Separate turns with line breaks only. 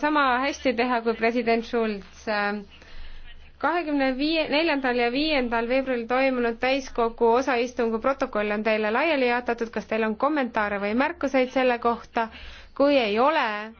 sama hästi teha kui president Schulz. kahekümne viie, neljandal ja viiendal veebruaril toimunud täiskogu osaistungu protokoll on teile laiali jaotatud, kas teil on kommentaare või märkuseid selle kohta? kui ei ole,